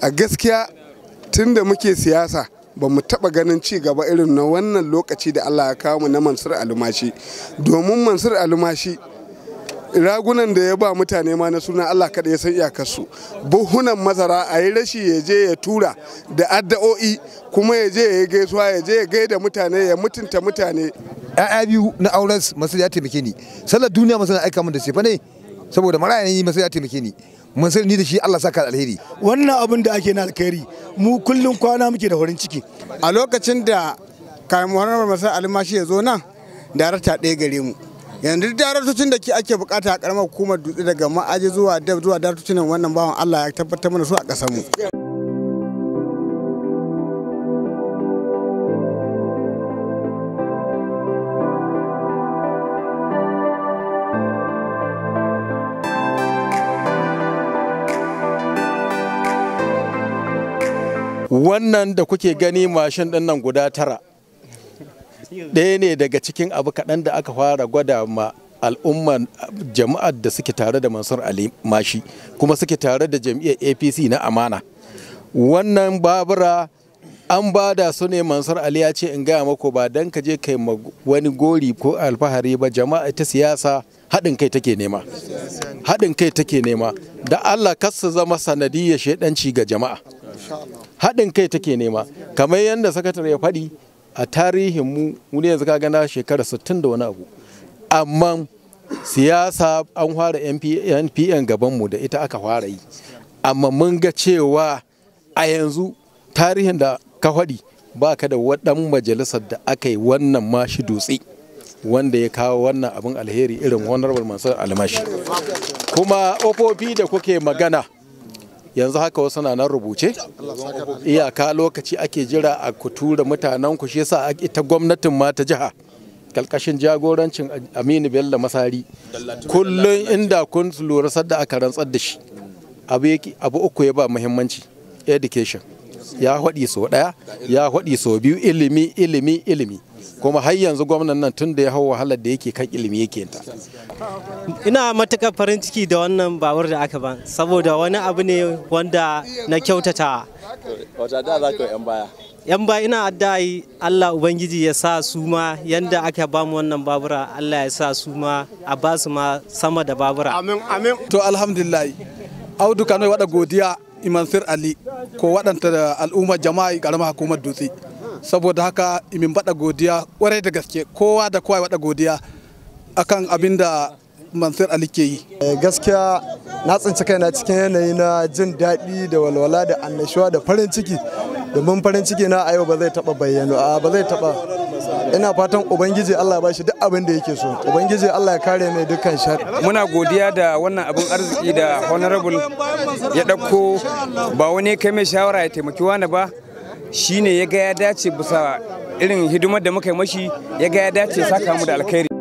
a gaskiya tun da muke siyasa ba mu taɓa ganin ci gaba irin na wannan lokaci da Allah ya kawo mu na Mansur Alumashi domin Mansur Alumashi ragunan da ya ba mutane ma na suna Allah kada ya san iyakarsu buhunan mazara a yi rashi ya je ya tura da addo'i kuma ya je ya gaisuwa ya je ya gaida mutane ya mutunta mutane ya'ya biyu na auren masu ya taimake ni sallar duniya masu na aika mun da sefa ne saboda mara yanayi masu ya taimake ni mun sani da shi Allah saka alheri wannan abin da ake na alkhairi mu kullum kwana muke da horin ciki a lokacin da kayan wannan masa almashi ya zo nan darata ɗaya gare mu yanzu daraktocin da ke ake bukata a karamar hukumar dutse daga ma'aji zuwa dab zuwa daraktocin wannan bawan Allah ya tabbatar mana su a ƙasar mu wannan da kuke gani mashin din nan guda tara ɗaya ne daga cikin abu kaɗan da aka fara gwada ma al'umman jama'ar da suke tare da mansur ali mashi kuma suke tare da jam'iyyar apc na amana wannan babura an ba da su ne mansur ali ya ce in gaya mako ba don ka je kai wani gori ko alfahari ba jama'a ta siyasa haɗin kai take nema haɗin kai take nema da allah kar su zama sanadiyar shaidanci ga jama'a haɗin kai take nema kamar yadda sakatare ya faɗi a tarihin mu wani yanzu kaga na shekara 60 da wani abu amma siyasa an fara npn mu da ita aka fara yi amma mun ga cewa a yanzu tarihin da ka faɗi ba ka da waɗan majalisar da aka yi wannan mashi dutse wanda ya kawo wannan abin alheri irin honorable mansur almashi kuma ofofi da kuke magana yanzu haka wasu na nan rubuce iyaka lokaci ake jira a kutura mutanen ku shi yasa ita gwamnatin ma ta jiha kalkashin jagorancin aminu bello masari kullum inda kun lura sadda aka rantsar da shi abu uku ya ba muhimmanci education ya hwadi so ɗaya ya hwadi so biyu ilimi ilimi ilimi kuma har yanzu gwamnan nan tun da ya hau wahalar da yake kan ilimi yake ta ina matuƙar farin ciki da wannan babur da aka ban saboda wani abu ne wanda na kyautata wata da za ka yan baya yan baya ina addu'ai Allah ubangiji ya sa su ma yanda aka ba mu wannan babura Allah ya sa su ma a ba su ma sama da babura amin amin to alhamdulillah audu kanoi wada godiya imansir ali ko waɗanta da al'ummar jama'a karamar hukumar dutse saboda haka min bada godiya kwarai da gaske kowa da kowa bada godiya akan abin da mansur ali ke yi eh, gaskiya na tsinci kaina cikin yanayi na jin daɗi da walwala da annashuwa da farin ciki domin farin ciki na a yau ba zai taba bayyano a ba zai taba ina fatan ubangiji Allah ya bashi duk abin da yake so ubangiji Allah ya kare mai dukkan shar muna godiya da wannan abin arziki da honorable ya ɗauko ba wani kai mai shawara ya taimaki wani ba shine ya ga ya dace bisa irin hidimar da muka yi mashi ya ga ya dace saka mu da alkhairi